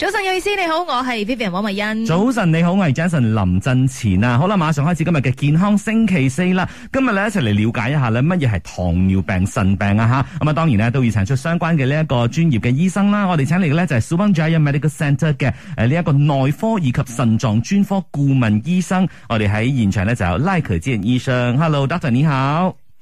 早晨，有意思，你好，我係 Vivian 黃慧欣。早晨，你好，我係 Jason 林振前啊！好啦，馬上開始今日嘅健康星期四啦。今日咧一齊嚟了解一下咧乜嘢係糖尿病腎病啊吓咁啊！當然咧都要請出相關嘅呢一個專業嘅醫生啦。我哋請嚟嘅咧就係 Subang Jaya Medical Center 嘅誒呢一個內科以及腎臟專科顧問醫生。我哋喺現場咧就有賴可健醫生，Hello，Doctor 你好。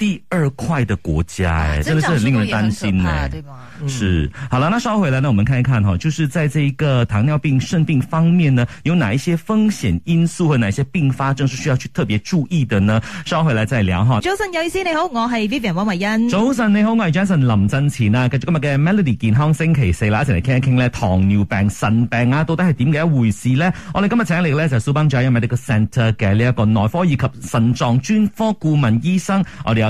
第二塊的國家，真、嗯、的是令人擔心呢對吧？是，好了，那稍後回來，呢我們看一看哈，就是在這一個糖尿病腎病方面呢，有哪一些風險因素和哪些併發症是需要去特別注意的呢？稍後回來再聊哈、嗯。早晨，有意思，你好，我是 Vivian 王。早晨，你好，我係 Jason 林振前啊。跟住今日嘅 Melody 健康星期四啦，一齊嚟傾一傾呢，糖尿病腎病啊，到底係點嘅一回事呢？我哋今日請嚟就係 Subang Jaya Medical Centre 嘅呢一個內科以及腎臟專，專科顧問醫生，我哋有。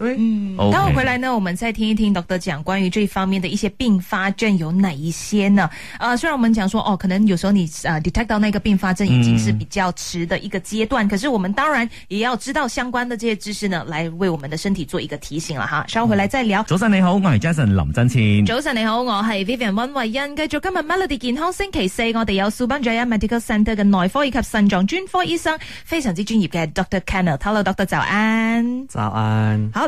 嗯，等、okay. 我回來呢，我們再聽一聽 doctor 講關於這方面的一些併發症有哪一些呢？啊、uh，雖然我們講說哦，可能有時候你、uh, detect 到那個併發症已經是比較遲的一個階段、嗯，可是我們當然也要知道相關的這些知識呢，來為我們的身體做一個提醒啦，哈！稍後回來再聊。早晨你好，我係 Jason 林振謙，早晨你好，我係 Vivian 溫慧欣，繼續今日 Melody 健康星期四，我哋有 Subang Jaya Medical Centre 嘅內科以及腎臟專科醫生，非常之專業嘅 Doctor Kenneth, hello doctor 早安，早安，好。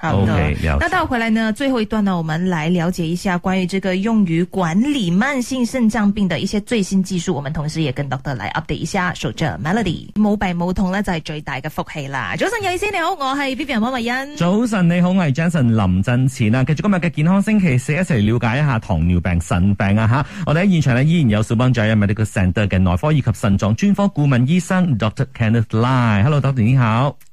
好的，那、okay, 到回來呢？最後一段呢？我們來了解一下關於這個用於管理慢性腎臟病的一些最新技術。我們同時也跟 doctor 嚟 update 一下。守着 Melody 冇病冇痛呢，就係、是、最大嘅福氣啦。早晨，醫生你好，我是 Vivian 王維恩。早晨，你好，我是 Jenson 林振前啦。繼續今日嘅健康星期四，試一齊了解一下糖尿病腎病啊！吓，我哋喺現場呢，依然有 Subang Jaya Medical Centre 嘅內科以及腎臟專，專科顧問醫生 Dr. Kenneth Lai？Hello，Dr. 你好。